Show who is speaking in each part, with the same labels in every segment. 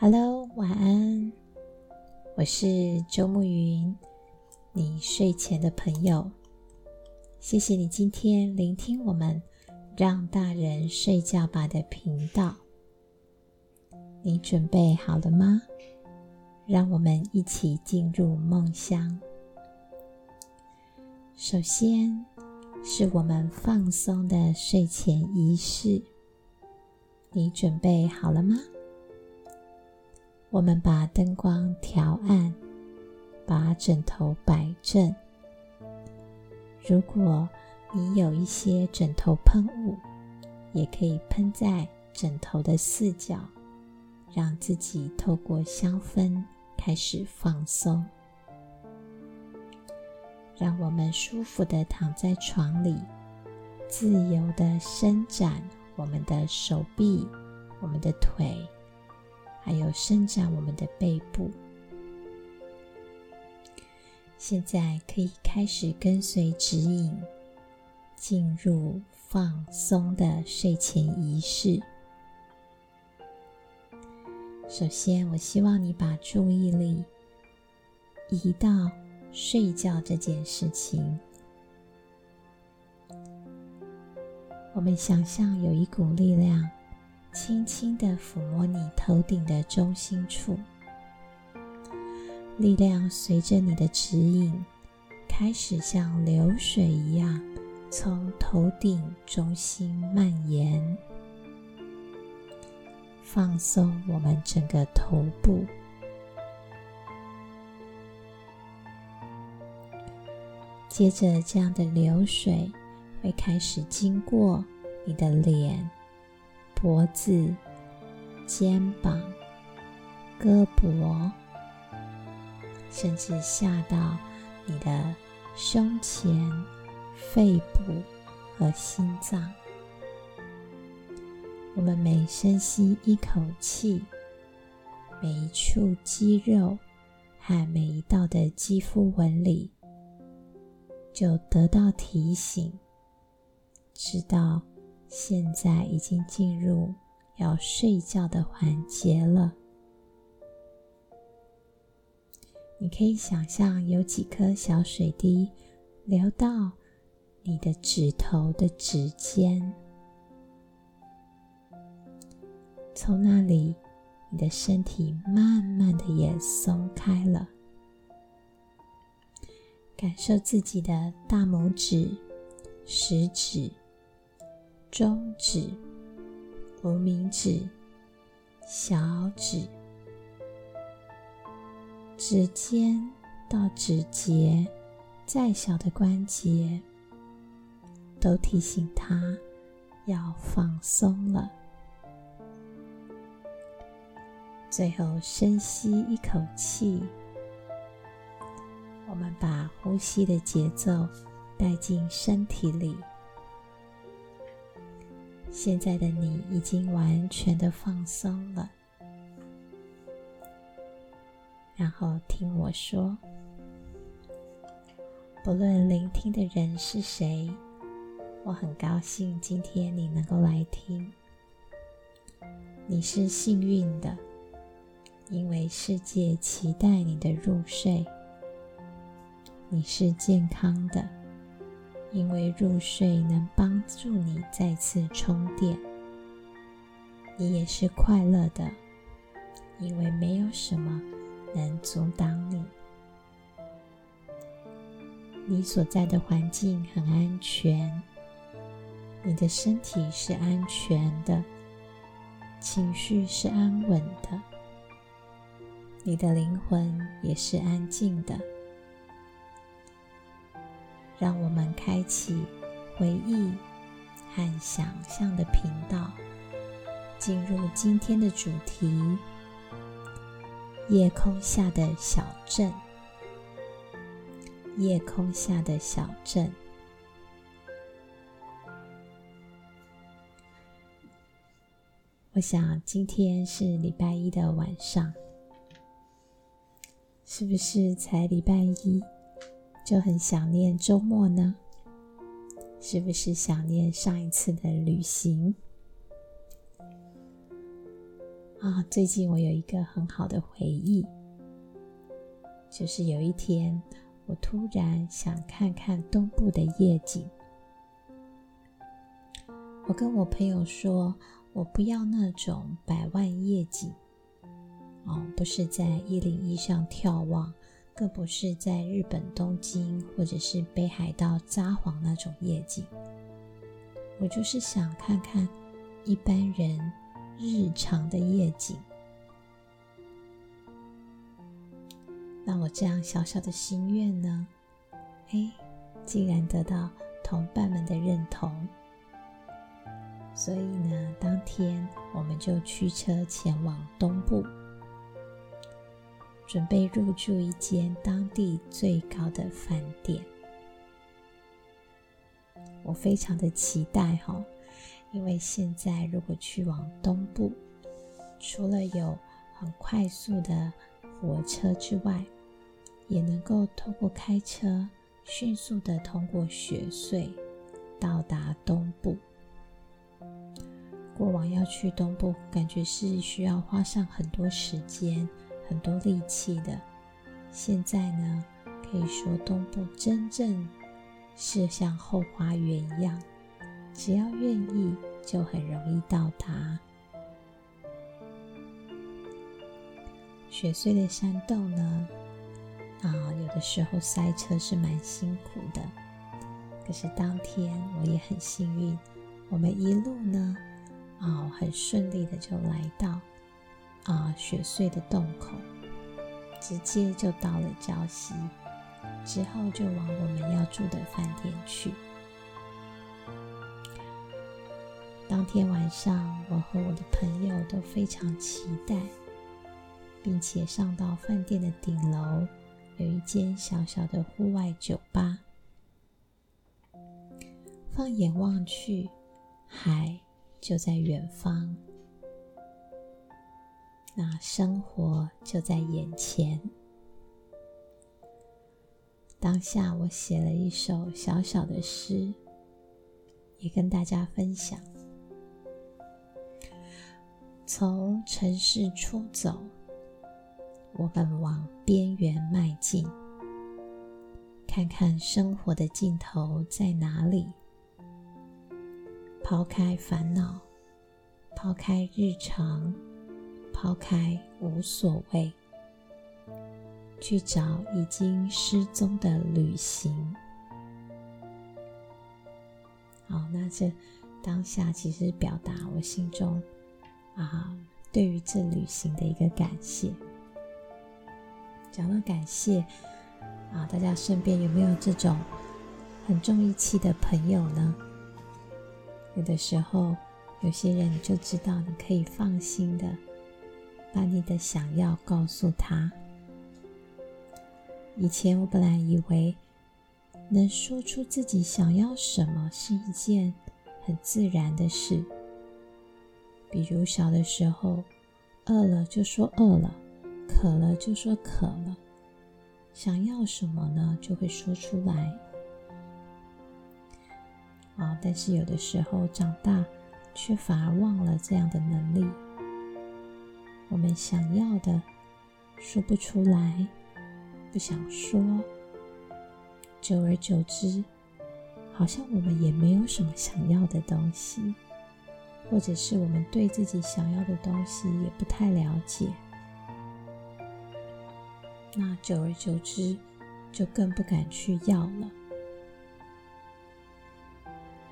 Speaker 1: Hello，晚安，我是周沐昀，你睡前的朋友。謝謝你今天聆聽我們“讓大人睡覺吧”的頻道。你準備好了嗎？讓我們一起進入夢鄉。首先是我們放鬆的睡前儀式，你準備好了嗎？我們把燈光調暗，把枕頭擺正。如果你有一些枕頭噴霧，也可以噴在枕頭的四角，讓自己透過香氛開始放鬆。讓我們舒服的躺在床裡，自由的伸展我們的手臂、我們的腿。還有伸展我們的背部。現在可以開始跟隨指引，進入放鬆的睡前儀式。首先，我希望你把注意力移到睡覺這件事情。我們想象有一股力量。輕輕地撫摸你頭頂的中心處，力量隨着你的指引，開始像流水一樣從頭頂中心蔓延，放鬆我們整個頭部。接着，這樣的流水會開始經過你的臉。脖子、肩膀、胳膊，甚至下到你的胸前、肺部和心臟，我們每深吸一口氣，每一處肌肉和每一道的肌膚紋理，就得到提醒，知道。現在已經進入要睡覺的環節了。你可以想象有幾顆小水滴流到你的指頭的指尖，從那裡，你的身體慢慢的也鬆開了。感受自己的大拇指、食指。中指、無名指、小指，指尖到指節，再小的關節，都提醒他要放鬆了。最後深吸一口氣，我們把呼吸的節奏帶進身體裡。現在的你已經完全的放鬆了，然後聽我說。不論聆聽的人是誰，我很高興今天你能夠來聽。你是幸運的，因為世界期待你的入睡。你是健康的。因為入睡能幫助你再次充電，你也是快樂的，因為沒有什麼能阻擋你。你所在的環境很安全，你的身體是安全的，情緒是安穩的，你的靈魂也是安靜的。讓我們開啟回憶和想象的頻道，進入今天的主題：夜空下的小鎮。夜空下的小鎮。我想今天是禮拜一的晚上，是不是才禮拜一？就很想念週末呢，是不是想念上一次的旅行啊？最近我有一個很好的回憶，就是有一天我突然想看看東部的夜景。我跟我朋友說，我不要那種百萬夜景，哦，不是在一零一上眺望。更不是在日本東京或者是北海道札幌那種夜景，我就是想看看一般人日常的夜景。那我這樣小小的心願呢？哎、欸，竟然得到同伴們的認同，所以呢，當天我們就驅車前往東部。準備入住一間當地最高的飯店，我非常的期待哈、哦，因為現在如果去往東部，除了有很快速的火車之外，也能夠透過開車迅速的通過雪隧，到達東部。過往要去東部，感覺是需要花上很多時間。很多力氣的，現在呢，可以說東部真正是像後花園一樣，只要願意就很容易到達。雪隧的山洞呢，啊、哦，有的時候塞車是蠻辛苦的，可是當天我也很幸運，我們一路呢，啊、哦，很順利的就來到。啊，雪碎的洞口，直接就到了礁溪，之後就往我們要住的飯店去。當天晚上，我和我的朋友都非常期待，並且上到飯店的頂樓，有一間小小的戶外酒吧。放眼望去，海就在遠方。那生活就在眼前，當下我寫了一首小小的詩，也跟大家分享。從城市出走，我們往邊緣邁邁進，看看生活的盡頭在哪裡。拋開煩惱，拋開日常。拋開無所謂，去找已經失蹤的旅行。好，那這當下其實表達我心中啊，對於這旅行的一個感謝。講到感謝啊，大家身邊有沒有這種很重義氣的朋友呢？有的時候有些人就知道你可以放心的，把你的想要告訴他。以前我本來以為，能說出自己想要什麼是一件很自然的事。比如小的時候，餓了就說餓了，渴了就說渴了，想要什麼呢就會說出來。啊，但是有的時候長大，却反而忘了這樣的能力。我們想要的說不出來，不想說。久而久之，好像我們也沒有什麼想要的東西，或者是我們對自己想要的東西也不太了解。那久而久之，就更不敢去要了。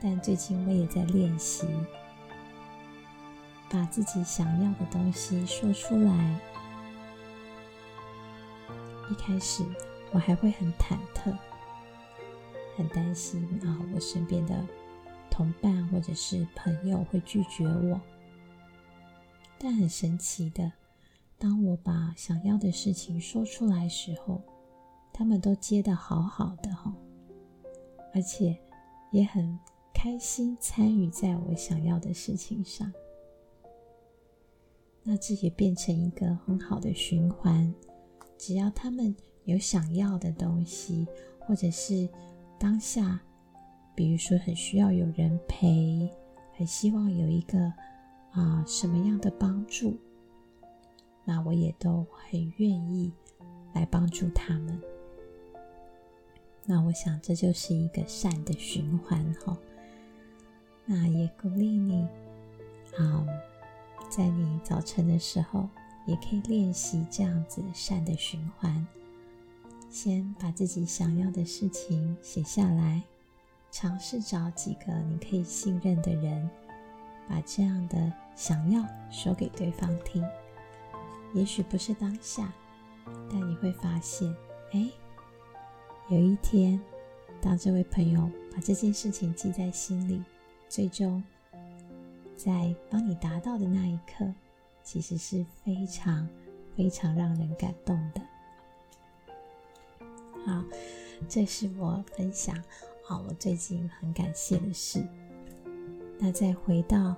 Speaker 1: 但最近我也在練習。把自己想要的東西說出來。一開始我還會很忐忑，很擔心啊，我身邊的同伴或者是朋友會拒絕我。但很神奇的，當我把想要的事情說出來時候，他們都接得好好的哈、哦，而且也很開心參與在我想要的事情上。那這也變成一個很好的循環。只要他們有想要的東西，或者是當下，比如說很需要有人陪，很希望有一個啊、呃、什麼樣的幫助，那我也都很願意來幫助他們。那我想這就是一個善的循環哈。那也鼓勵你，啊。在你早晨的時候，也可以練習這樣子善的循環。先把自己想要的事情寫下來，嘗試找幾個你可以信任的人，把這樣的想要說給對方聽。也許不是當下，但你會發現，哎，有一天，當這位朋友把這件事情記在心裡，最終。在幫你達到的那一刻，其實是非常非常讓人感動的。好，這是我分享啊，我最近很感謝的事。那再回到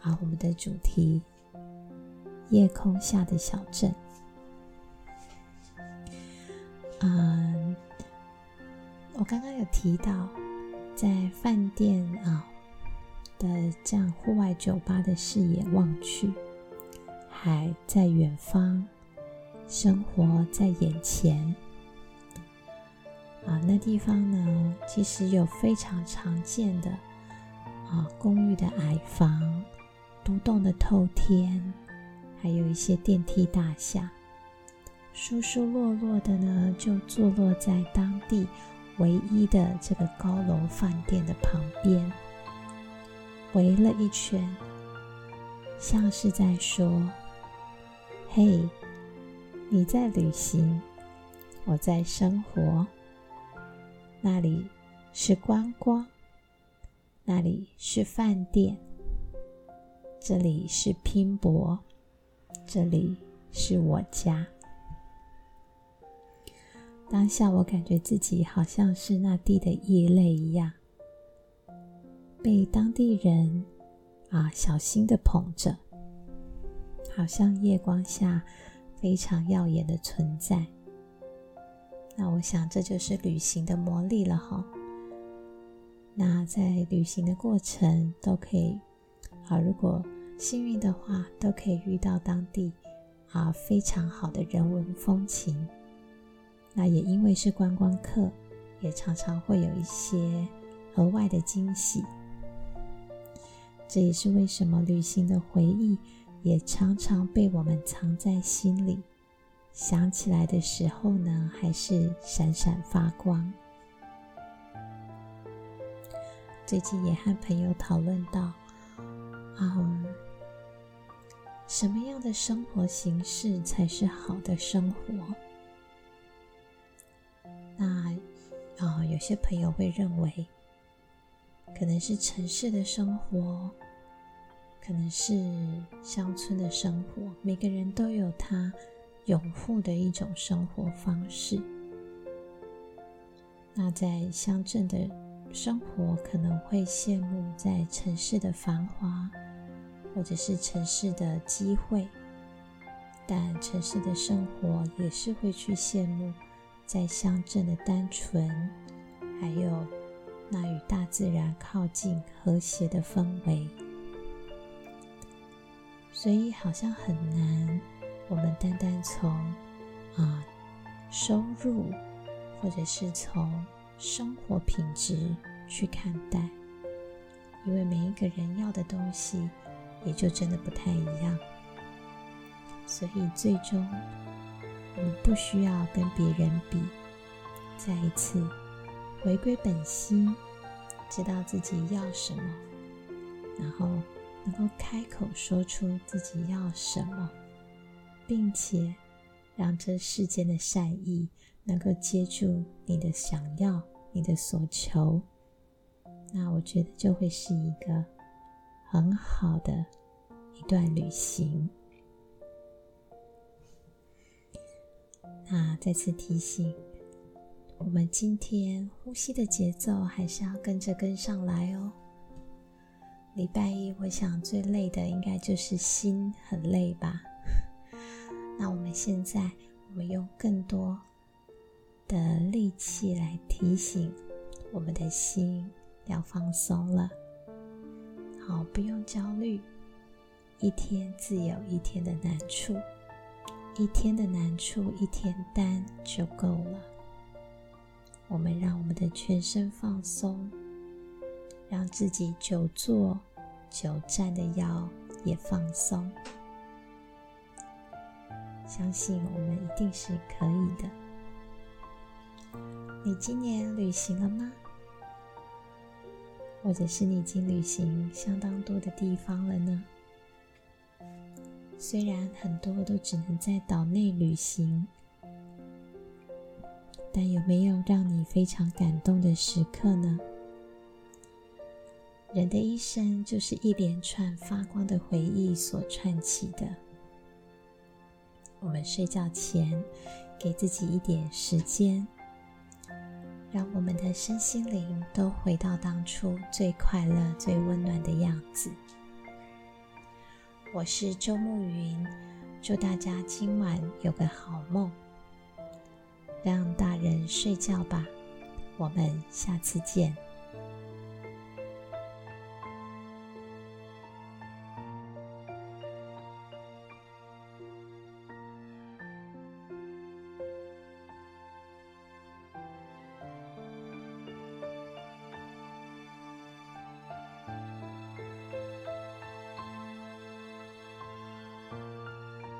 Speaker 1: 啊，我們的主題——夜空下的小鎮。嗯，我剛剛有提到在飯店啊。哦的，這樣戶外酒吧的視野望去，海在遠方，生活在眼前。啊，那地方呢，其實有非常常見的啊，公寓的矮房、獨棟的透天，還有一些電梯大廈，疏疏落落的呢，就坐落在當地唯一的這個高樓飯店的旁邊。圍了一圈，像是在說：“嘿，你在旅行，我在生活。那裡是觀光，那裡是飯店，這裡是拼搏，這裡是我家。”當下我感覺自己好像是那地的異類一樣。被當地人啊小心的捧着，好像夜光下非常耀眼的存在。那我想這就是旅行的魔力了吼。那在旅行的過程都可以啊，如果幸運的話，都可以遇到當地啊非常好的人文風情。那也因為是觀光客，也常常會有一些額外的驚喜。這也是為什麼旅行的回憶也常常被我們藏在心裡，想起來的時候呢，還是閃閃發光。最近也和朋友討論到，啊、嗯，什麼樣的生活形式才是好的生活？那，啊、嗯，有些朋友會認為，可能是城市的生活，可能是鄉村的生活，每個人都有他擁護的一種生活方式。那在鄉鎮的生活可能會羨慕在城市的繁華，或者是城市的機會，但城市的生活也是會去羨慕在鄉鎮的單純，還有。那與大自然靠近、和諧的氛圍，所以好像很難。我們單單從啊收入，或者是從生活品質去看待，因為每一個人要的東西，也就真的不太一樣。所以最終，我們不需要跟別人比。再一次。回歸本心，知道自己要什麼，然後能夠開口說出自己要什麼，並且讓這世間的善意能夠接住你的想要、你的所求，那我覺得就會是一個很好的一段旅行。那再次提醒。我們今天呼吸的節奏還是要跟着跟上來哦。禮拜一，我想最累的應該就是心很累吧。那我們現在，我們用更多的力氣來提醒我們的心要放鬆了。好，不用焦慮，一天自有一天的難處，一天的難處一天擔就夠了。我們讓我們的全身放鬆，讓自己久坐、久站的腰也放鬆。相信我們一定是可以的。你今年旅行了嗎？或者是你已經旅行相當多的地方了呢？雖然很多都只能在島內旅行。但有沒有讓你非常感動的時刻呢？人的一生就是一連串發光的回憶所串起的。我們睡覺前，給自己一點時間，讓我們的身心靈都回到當初最快樂、最溫暖的樣子。我是周沐昀，祝大家今晚有個好夢。讓大人睡覺吧，我們下次見。